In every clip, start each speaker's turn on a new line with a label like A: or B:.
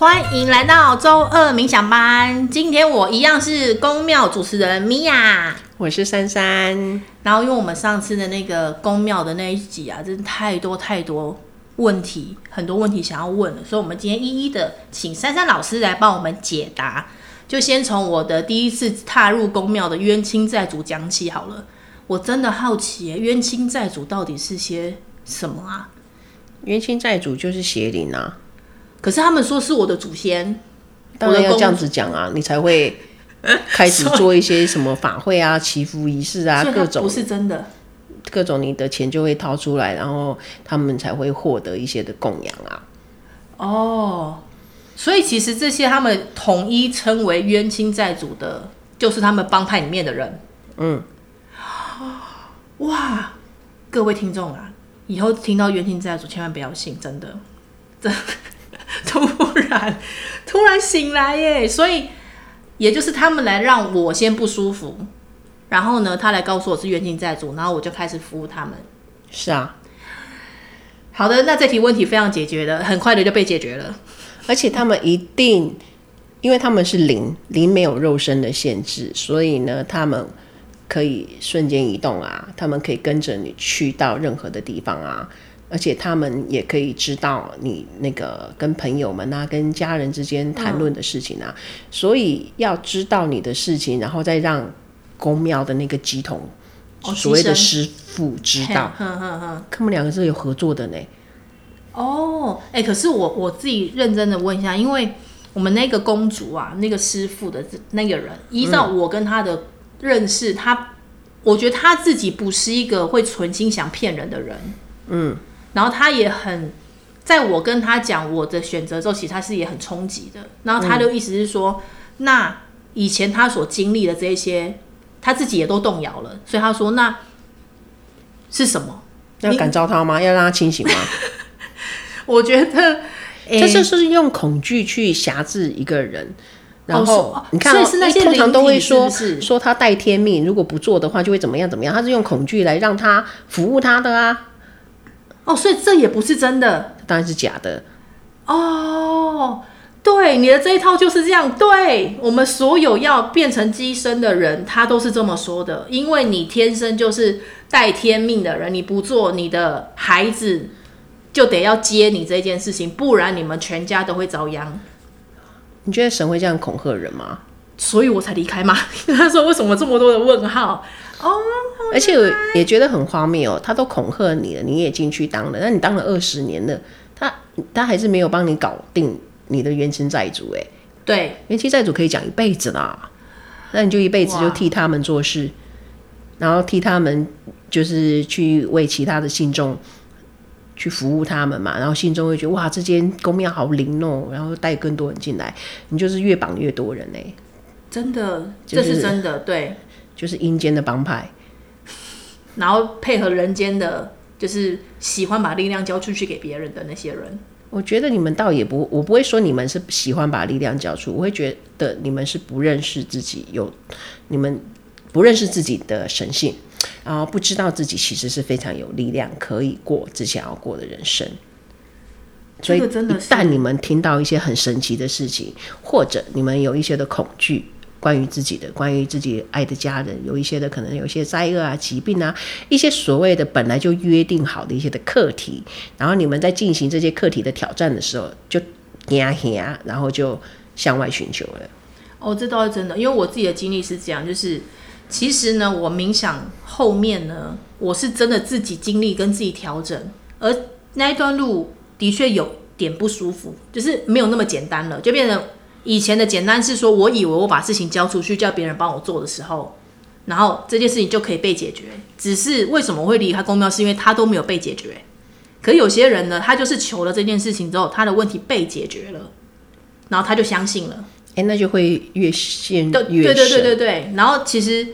A: 歡迎來到週二冥想班。今天我一樣是宮廟主持人米婭，我是珊珊。然後因為我們上次的那個宮廟的那一集啊，真的太多太多問題，很多問題想要問了，所以我們今天一一的請珊珊老師來幫我們解答。就先從我的第一次踏入宮廟的冤親債主講起好了。我真的好奇，冤親債主到底是些什麼啊？冤親債主
B: 就是邪靈啊。可是他們說是我的
A: 祖先，當然要這樣子
B: 講啊，你才會開始做一些什麼法會啊、祈福儀式啊，以各種不是真的，各種你的錢就會掏出來，然後他們才會獲得一些的供
A: 養啊。哦，oh, 所以其實這些他們統一稱為冤親債主的，就是他們幫派裡面的人。
B: 嗯，
A: 哇，各位聽眾啊，以後聽到冤親債主千萬不要信，真的，真的。突然，突然醒來耶！所以，也就是他們來讓我先不舒服，然後呢，他來告訴我是冤親債主，然後我就開始服務他們。是啊，好的，那這題問題非常解決的，很快的就被解決了。
B: 而且他們一定，嗯，因為他們是靈，靈沒有肉身的限制，所以呢，他們可以瞬間移動啊，他們可以跟着你去到任何的地方啊。而且他們也可以知道你那個跟朋友們吶、啊，跟家人之間談論的事情啊，嗯、所以要知道你的事情，然後再讓宮廟的那個乩童，哦、所謂的師傅知道。嗯
A: 嗯
B: 嗯，他們兩個是有合作的呢。
A: 哦，哎、欸，可是我我自己認真的問一下，因為我們那個公主啊，那個師傅的那個人，依照我跟他的認識，嗯、他我覺得他自己不是一個會存心想騙人的人。嗯。然後他也很，在我跟他講我的選擇之後，其實他是也很衝擊的。然後他的意思是說，嗯、那以前他所經歷的這些，他自己也都動搖了。所以他說，那是什麼？要感召
B: 他嗎？欸、要讓他清醒嗎？
A: 我覺得、欸、這就是
B: 用恐懼去挾制一個人。
A: 然後你看、哦哦，因為通常都會說
B: 說他帶天命，如果不做的話就會怎麼樣怎麼樣。他是用恐懼來讓他服務他的啊。哦，所以這也不是真的，當然是假的。
A: 哦，對，你的這一套就是這樣。對我們所有要變成乩身的人，他都是這麼說的。因為你天生就是帶天命的人，你不做，你的孩子就得要接你這件事情，不然你們全家都會遭殃。
B: 你覺得神會這樣恐嚇人嗎？
A: 所以我才離開嘛。他說：“為什麼這麼多的問號？”哦、oh, okay.，而且
B: 也覺得很荒謬他、喔、都恐嚇你了，你也進去當了，那你當了二十年了，他他還是沒有幫你搞定你的冤親債主哎、欸。對，冤親債主可以講一輩子啦。那你就一輩子就替他們做事，哇然後替他們就是去為其他的信眾去服務他們嘛。然後信眾會覺得哇，這間宮廟好靈哦、喔，然後帶更多人進來，你就是越綁越多人哎、欸。
A: 真的，就是、這是真的，對，
B: 就是陰間的幫派，
A: 然後配合人間的，就是喜歡把力量交出去給別人的那些人。
B: 我覺得你們倒也不，我不會說你們是喜歡把力量交出，我會覺得你們是不認識自己有，你們不認識自己的神性，然後不知道自己其實是非常有力量，可以過自己想要過的人生。
A: 所以，一
B: 旦你們聽到一些很神奇的事情，或者你們有一些的恐懼。關於自己的，關於自己愛的家人，有一些的可能有一些災厄啊、疾病啊，一些所謂的本來就約定好的一些的課題，然後你們在進行這些課題的挑戰的時候，就呀呀，然後就向外尋求
A: 了。哦，這倒是真的，因為我自己的經歷是這樣，就是其實呢，我冥想後面呢，我是真的自己經歷跟自己調整，而那一段路的確有點不舒服，就是沒有那麼簡單了，就變成。以前的簡單是說，我以為我把事情交出去，叫別人幫我做的時候，然後這件事情就可以被解決。只是為什麼會離開宮廟，是因為他都沒有被解決。可有些人呢，他就是求了這件事情之後，他的問題被解決了，然後他就相信了。
B: 欸，那就會越陷越深。對對對對
A: 對。然後其實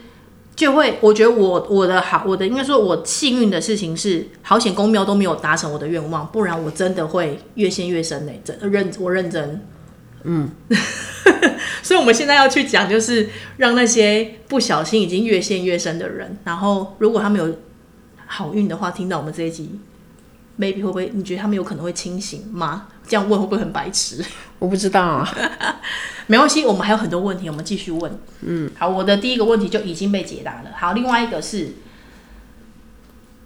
A: 就會，我覺得我我的好，我的應該說，我幸運的事情是，好險宮廟都沒有達成我的願望，不然我真的會越陷越深欸。真認我認真。嗯， 所以我們現在要去講，就是讓那些不小心已經越陷越深的人，然後如果他們有好運的話，聽到我們這一集，maybe 會不會？你覺得他們有可能會清醒嗎？這樣問會不會很白痴？我不知道，啊。 沒關係，我們還有很多問題，我們繼續問。嗯，好，我的第一個問題就已經被解答了。好，另外一個是，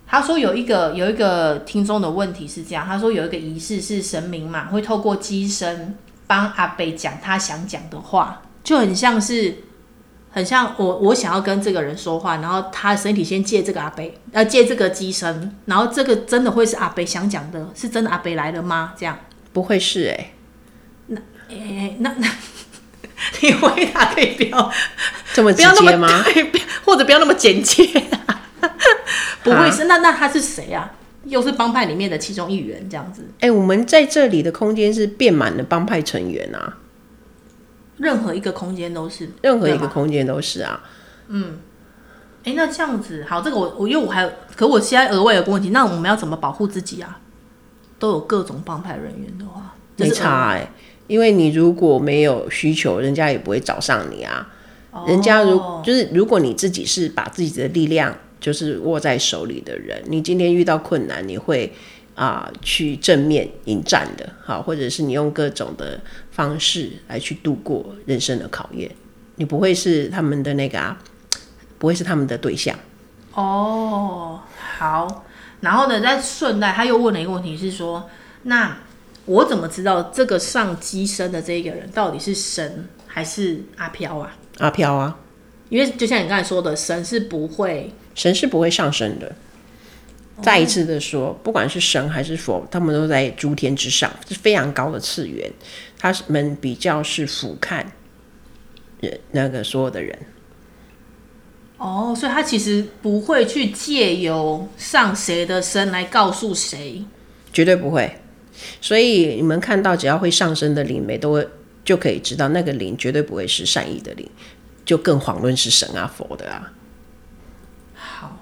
A: 他說有一個有一個聽眾的問題是這樣，他說有一個儀式是神明嘛，會透過乩身。幫阿北講他想講的話，就很像是，很像我我想要跟這個人說話，然後他身體先借這個阿北，呃借這個機身，然後這個真的會是阿北想講的，是真的阿北來的嗎？這樣
B: 不會是哎、欸欸，
A: 那誒，那那你回答可以不要
B: 這麼直接嗎？
A: 或者不要那麼簡潔？啊？啊、不會是那那他是誰啊？又是幫派裡面的其中一員，這樣子。哎、欸，我們在
B: 這裡的空間是變滿了幫派成員啊，
A: 任何一個空間都是，任何一個空間都是啊。嗯，哎、欸，那這樣子好，這個我我因為我還有可我現在額外有個問題，那我們要怎麼保護自己啊？都有各種幫派人員的話，沒差。
B: 哎、欸，因為你如果沒有需求，人家也不會找上你啊。
A: 哦、人家如
B: 就是如果你自己是把自己的力量就是握在手裡的人，你今天遇到困難，你會啊、呃、去正面迎戰的，好，或者是你用各種的方式來去度過人生的考驗，你不會是他們的那個、啊，不會是他們的對象。
A: 哦，oh, 好，然後呢，在順帶他又問了一個問題是說，那我怎麼知道這個上機身的這一個人到底是神還是阿飄啊？
B: 阿飄啊？
A: 因為就像你剛才說的，神是不會，
B: 神是不會上身的。
A: 再一次
B: 的說，oh. 不管是神還是佛，他們都在諸天之上，是非常高的次元，他們比較是俯瞰人那個所有的人。
A: 哦，oh, 所以他其實不會去借由上誰的身來告訴誰，
B: 絕對不會。
A: 所以
B: 你們看到只要會上身的靈媒，都會就可以知道那個靈絕對不會是善意的靈。就更遑論是神啊佛的啊，
A: 好，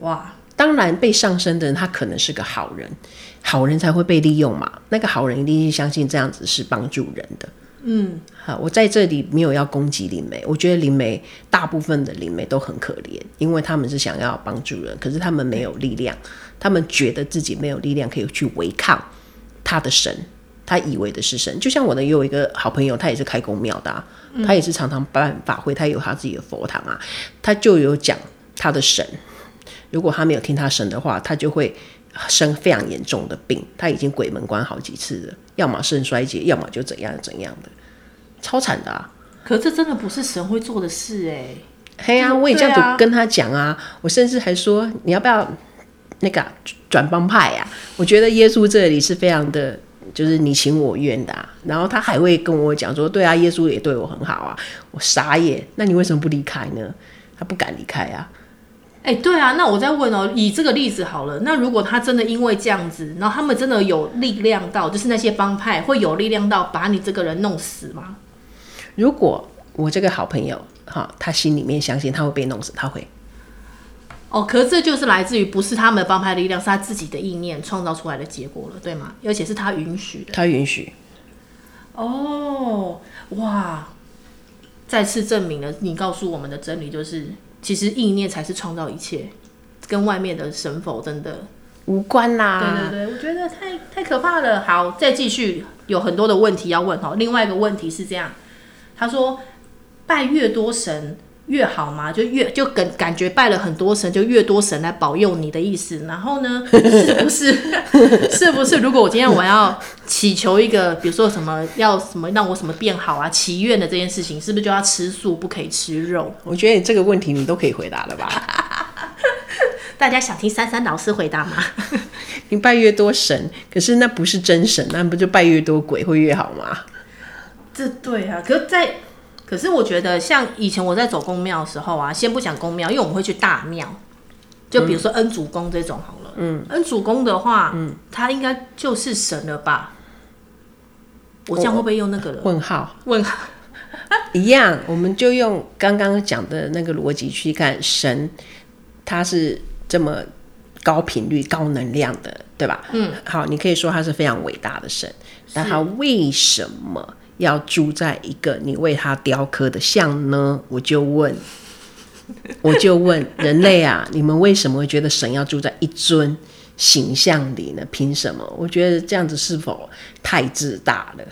A: 哇！
B: 當然被上身的人，他可能是個好人，好人才會被利用嘛。那個好人一定是相信這樣子是幫助人的。
A: 嗯，
B: 好，我在這裡沒有要攻擊靈媒，我覺得靈媒大部分的靈媒都很可憐，因為他們是想要幫助人，可是他們沒有力量，他們覺得自己沒有力量可以去違抗他的神。他以為的是神，就像我呢，也有一個好朋友，他也是開宮廟的、啊，嗯、他也是常常辦法會，他有他自己的佛堂啊，他就有講他的神。如果他沒有聽他神的話，他就會生非常嚴重的病，他已經鬼門關好幾次了，要麼腎衰竭，要麼就怎樣怎樣的，超慘的啊！
A: 可這真的不是神會做的事哎、
B: 欸。嘿呀、啊，我也這樣子跟他講啊，啊我甚至還說你要不要那個轉、啊、幫派呀、啊？我覺得耶穌這裡是非常的。就是你情我願的、啊，然後他還會跟我講說：“對啊，耶穌也對我很好啊。”我傻眼，那你為什麼不離開呢？他不敢離開啊。
A: 誒、欸，對啊，那我再問哦、喔，以這個例子好了，那如果他真的因為這樣子，然後他們真的有力量到，就是那些幫派會有力量到把你這個人弄死嗎？
B: 如果我這個好朋友哈，他心裡面相信他會被弄死，他會。
A: 哦，可是這就是來自於不是他們幫派的力量，是他自己的意念創造出來的結果了，對嗎？而且是他允許的。他允許。哦，oh, 哇！再次證明了你告訴我們的真理，就是其實意念才是創造一切，跟外面的神佛真的無關啦。對對對，我覺得太太可怕了。好，再繼續，有很多的問題要問好，另外一個問題是這樣，他說拜越多神，越好嗎？就越就感感覺拜了很多神，就越多神來保佑你的意思。然後呢，是不是 是不是？如果我今天我要祈求一個，比如說什麼要什麼，讓我什麼變好啊，祈願的這件事情，是不是就要吃素，不可以吃肉？我覺得你這個問題你都可以回答了吧？ 大家想聽33老師回答嗎？
B: 你拜越多神，可是那不是真神，那不就拜越多鬼會越好嗎？
A: 這對啊，可是在。可是我覺得，像以前我在走宮廟的時候啊，先不講宮廟，因為我們會去大廟，
B: 就比如說
A: 恩主公這種好了。嗯，恩主公的話，嗯，他應該就是神了吧？我，我這樣會不會用那個問號？問
B: 號？啊，一樣，我們就用剛剛講的那個邏輯去看神，他是這麼高頻率、高能量的，對吧？嗯，好，你可以說他是非常偉大的神，是但他為什麼？要住在一個你為他雕刻的像呢？我就問，我就問 人類啊，你們為什麼會覺得神要住在一尊形象裡呢？憑什麼？我覺得這樣子是否太自大了？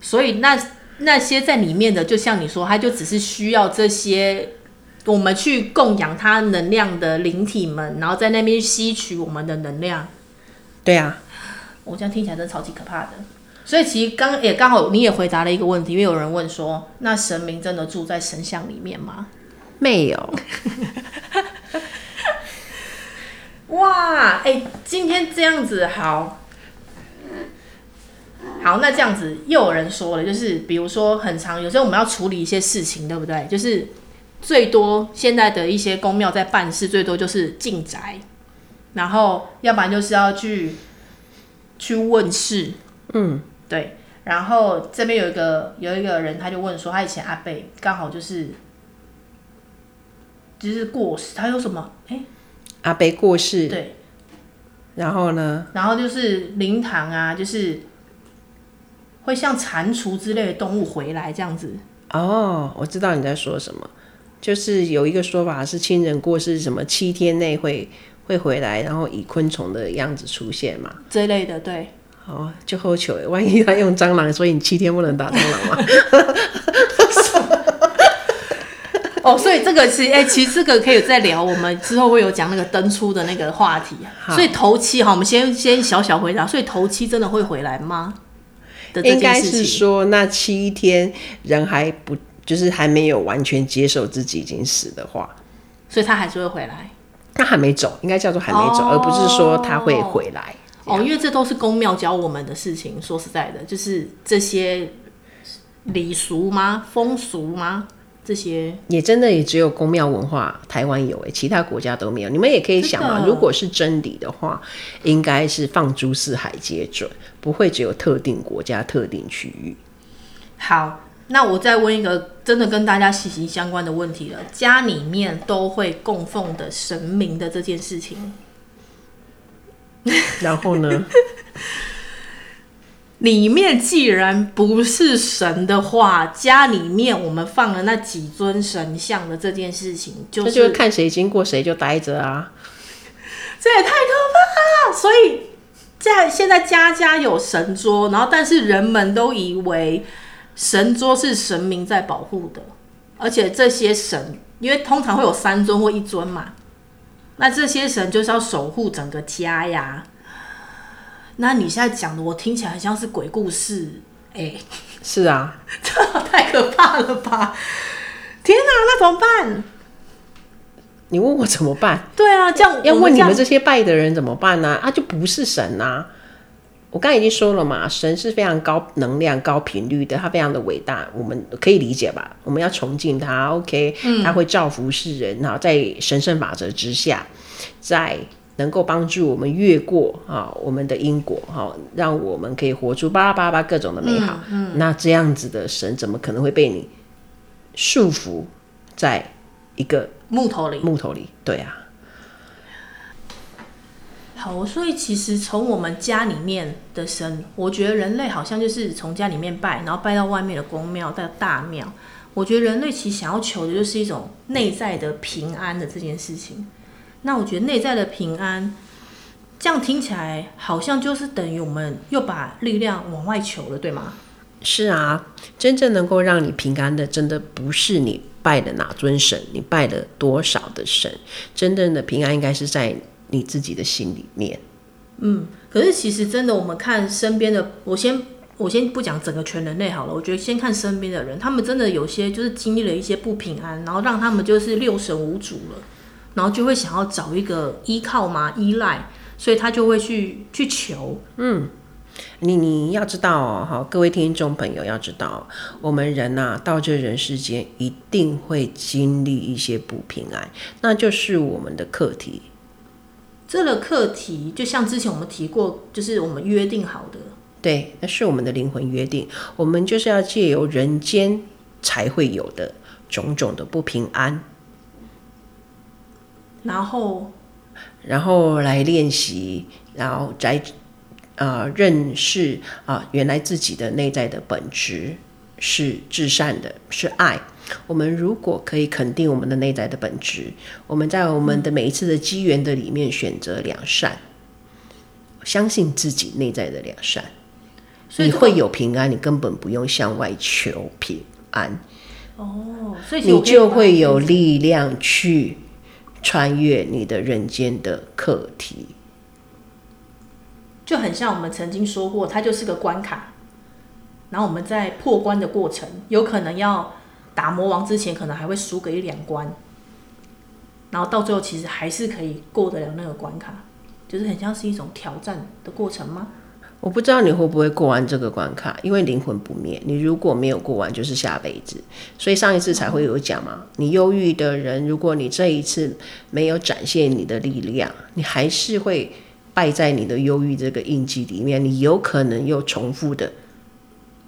A: 所以那那些在裡面的，就像你說，他就只是需要這些我們去供養他能量的靈體們，然後在那邊吸取我們的能量。對啊，我這樣聽起來真的超級可怕的。所以其實剛也剛好你也回答了一個問題，因為有人問說：那神明真的住在神像裡面嗎？
B: 沒有。
A: 哇！哎、欸，今天這樣子好，好，那這樣子又有人說了，就是比如說很常，有時候我們要處理一些事情，對不對？就是最多現在的一些宮廟在辦事，最多就是進宅，然後要不然就是要去去問事，嗯。對，然後這邊有一個有一個人，他就問說，他以前阿伯剛好就是就是過世，他有什麼？
B: 哎，阿伯過世，對。
A: 然後呢？然後就是靈堂啊，就是會像蟾蜍之類的動物回來這樣子。
B: 哦，我知道你在說什麼，就是有一個說法是親人過世，什麼七天內會會回來，然後以昆蟲的樣子出現嘛，
A: 這類的，對。
B: 好，就、哦、後球，萬一他用蟑螂，所以你七天不能打蟑螂嗎？
A: 哦，所以這個是，哎、欸，其實這個可以再聊，我們之後會有講那個登出的那個話題。好所以頭七哈，我們先先小小回答。所以頭七真的會回來嗎？欸、應該是說，
B: 那七天人還不就是還沒有完全接受自己已經死的話，
A: 所以他還是會回來。
B: 他還沒走，應該叫做還沒走，哦、而不是說他會回來。
A: 哦，因為這都是宮廟教我們的事情。說實在的，就是這些禮俗嗎、風俗嗎？這些
B: 也真的也只有宮廟文化台灣有誒，其他國家都沒有。你們也可以想啊，的如果是真理的話，應該是放諸四海皆準，不會只有特定國家、特定區域。
A: 好，那我再問一個真的跟大家息息相關的問題了：家裡面都會供奉的神明的這件事情。
B: 然後呢？
A: 裡面既然不是神的話，家裡面我們放了那幾尊神像的這件事情，就是，就看
B: 誰經過誰就待着啊。
A: 這也太可怕了！所以在現在家家有神桌，然後但是人們都以為神桌是神明在保護的，而且這些神，因為通常會有三尊或一尊嘛。那這些神就是要守護整個家呀。那你現在講的我聽起來像是鬼故事，哎，
B: 是啊，這
A: 太可怕了吧！天哪，那怎麼辦？
B: 你問我怎麼辦？
A: 對啊，這樣我要問你們這些
B: 拜的人怎麼辦呢？啊，就不是神啊。我剛才已經說了嘛，神是非常高能量、高頻率的，他非常的偉大，我們可以理解吧？我們要崇敬他，OK？他、嗯、會造福世人哈，在神聖法則之下，在能夠幫助我們越過哈、哦、我們的因果哈、哦，讓我們可以活出巴拉巴拉各種的美好。嗯嗯、那這樣子的神，怎麼可能會被你束縛在一個木頭裡？木頭裡，對啊。
A: 哦，所以其實從我們家裡面的神，我覺得人類好像就是從家裡面拜，然後拜到外面的宮廟、到大廟。我覺得人類其實想要求的，就是一種內在的平安的這件事情。那我覺得內在的平安，這樣聽起來好像就是等於我們又把力量往外求了，對嗎？
B: 是啊，真正能夠讓你平安的，真的不是你拜了哪尊神，你拜了多少的神，真正的平安應該是在。你自己的心裡面，
A: 嗯，可是其實真的，我們看身邊的，我先我先不講整個全人類好了，我覺得先看身邊的人，他們真的有些就是經歷了一些不平安，然後讓他們就是六神無主了，然後就會想要找一個依靠嘛，依賴，所以他就會去去求。
B: 嗯，你你要知道哦，好，各位聽眾朋友要知道，我們人吶、啊，到這人世間一定會經歷一些不平安，那就是我們的課題。
A: 這個課題就像之前我們提過，就是我們約定好的。
B: 對，那是我們的靈魂約定。我們就是要借由人間才會有的種種的不平安，
A: 然後，
B: 然後來練習，然後再啊、呃、認識啊、呃、原來自己的內在的本質是至善的，是愛。我們如果可以肯定我們的內在的本質，我們在我們的每一次的機緣的裡面選擇良善，相信自己內在的良善，你會有平安。你根本不用向外求平安。哦，
A: 所以你就會有力
B: 量去穿越你的人間的課題，
A: 就很像我們曾經說過，它就是個關卡。然後我們在破關的過程，有可能要打魔王之前，可能還會輸給一兩關，然後到最後其實還是可以過得了那個關卡，就是很像是一種挑戰的過程嗎？
B: 我不知道你會不會過完這個關卡，因為靈魂不滅，你如果沒有過完，就是下輩子，所以上一次才會有講嘛。嗯。你憂鬱的人，如果你這一次沒有展現你的力量，你還是會敗在你的憂鬱這個印記裡面，你有可能又重複的。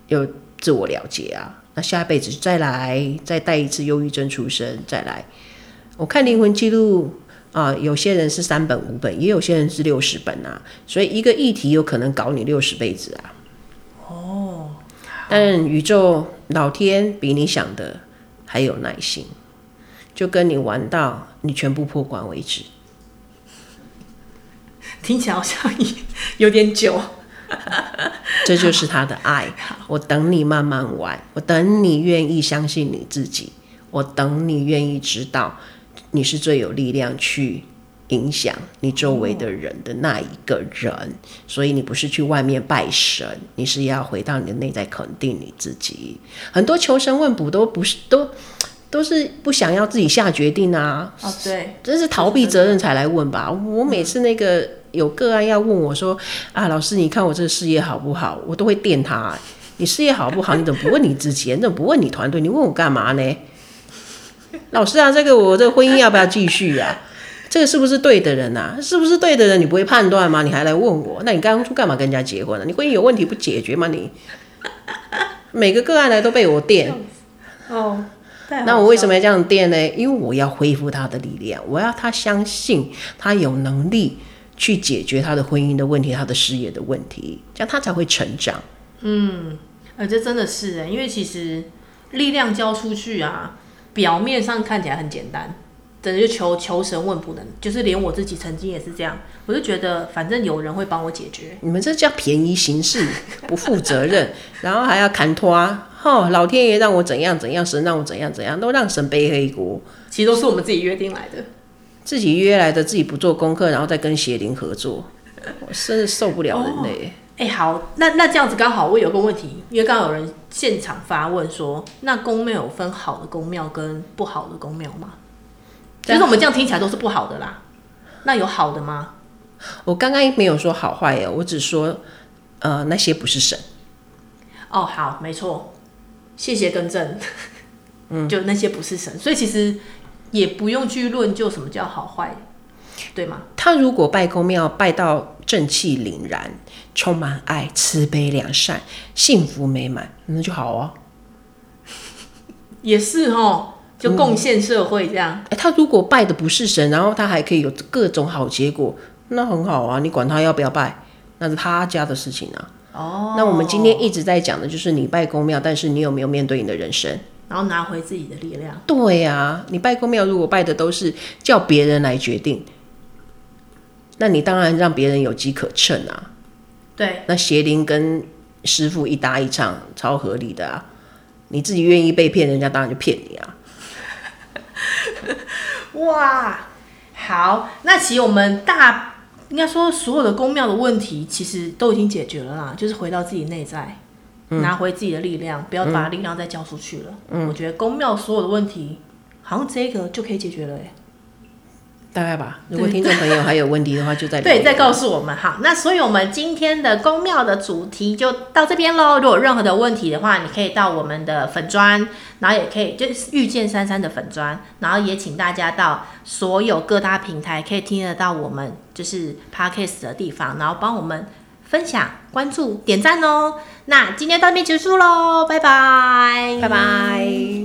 B: 有自我了解啊，那下輩子再來，再帶一次憂鬱症出生，再來。我看靈魂記錄啊，有些人是三本五本，也有些人是六十本啊，所以一個議題有可能搞你六十輩子啊。
A: 哦，
B: 但宇宙老天比你想的還有耐心，就跟你玩到你全部破關為止。
A: 聽起來好像有點久。
B: 這就是他的愛。我等你慢慢玩，我等你願意相信你自己，我等你願意知道你是最有力量去影響你周圍的人的那一個人。嗯、所以你不是去外面拜神，你是要回到你的內在肯定你自己。很多求神問卜都不是，都都是不想要自己下決定啊！哦，對，真是逃避責任才來問吧。嗯、我每次那個。有個案要問我說：“啊，老師，你看我這個事業好不好？”我都會電他。你事業好不好？你怎麼不問你自己？你怎麼不問你團隊？你問我幹嘛呢？老師啊，這個我這個婚姻要不要繼續呀、啊？這個是不是對的人吶、啊？是不是對的人？你不會判斷嗎？你還來問我？那你剛剛幹嘛跟人家結婚了？你婚姻有問題不解決嗎你？你每個個案來都被我電哦。那我為什麼要這樣電呢？因為我要恢復他的力量，我要他相信他有能力。去解決他的婚姻的問題，他的事業的問題，這樣他才會成長。
A: 嗯，而這真的是因為其實力量交出去啊，表面上看起來很簡單，等於就求求神問不能，就是連我自己曾經也是這樣，我就覺得反正有人會幫我解決。
B: 你們這叫便宜行事，不負責任， 然後還要砍拖，吼、哦！老天爺讓我怎樣怎樣，神讓我怎樣怎樣，都讓神背黑鍋。其實都是我們自己約定來的。自己約來的，自己不做功課，然後再跟邪靈合作，我真是受不了人類。哎、
A: 哦，欸、好，那那這樣子剛好，我有個問題，公廟。因為剛剛有人現場發問說，那宮廟有分好的宮廟跟不好的宮廟嗎？就是我們這樣聽起來都是不好的啦。那有好的嗎？
B: 我剛剛沒有說好壞耶，我只說呃那些不是神。
A: 哦，好，沒錯，謝謝更正。嗯， 就那些不是神，所以其實。也不用去論就什麼叫好壞，對嗎？
B: 他如果拜公廟拜到正氣凜然、充滿愛、慈悲、良善、幸福美滿，那就好哦、啊。
A: 也是哦，就貢獻社會這樣。哎、
B: 嗯欸，他如果拜的不是神，然後他還可以有各種好結果，那很好啊。你管他要不要拜，那是他家的事情啊。哦，
A: 那我們
B: 今天一直在講的就是你拜公廟，但是你有沒有面對你的人生？
A: 然後拿回自己的力量。
B: 對呀、啊，你拜宮廟，如果拜的都是叫別人來決定，那你當然讓別人有機可乘啊。對，那邪靈跟師父一搭一唱，超合理的啊。你自己願意被騙，人家當然就騙
A: 你啊。 哇，好，那其實我們大應該說所有的宮廟的問題，其實都已經解決了啦，就是回到自己內在。拿回自己的力量，嗯、不要把力量再交出去了。嗯、我覺得宮廟所有的問題，嗯、好像這個就可以解決了、欸、
B: 大概吧。對如果聽眾朋友還有問題的話就再聊聊，就在對，對再告訴我們
A: 好。那所以我們今天的宮廟的主題就到這邊嘍。如果有任何的問題的話，你可以到我們的粉專，然後也可以就是遇見33的粉專，然後也請大家到所有各大平台可以聽得到我們就是 podcast 的地方，然後幫我們。分享、關注、點讚哦、喔！那今天到這邊結束嘍，拜拜，拜拜。拜拜。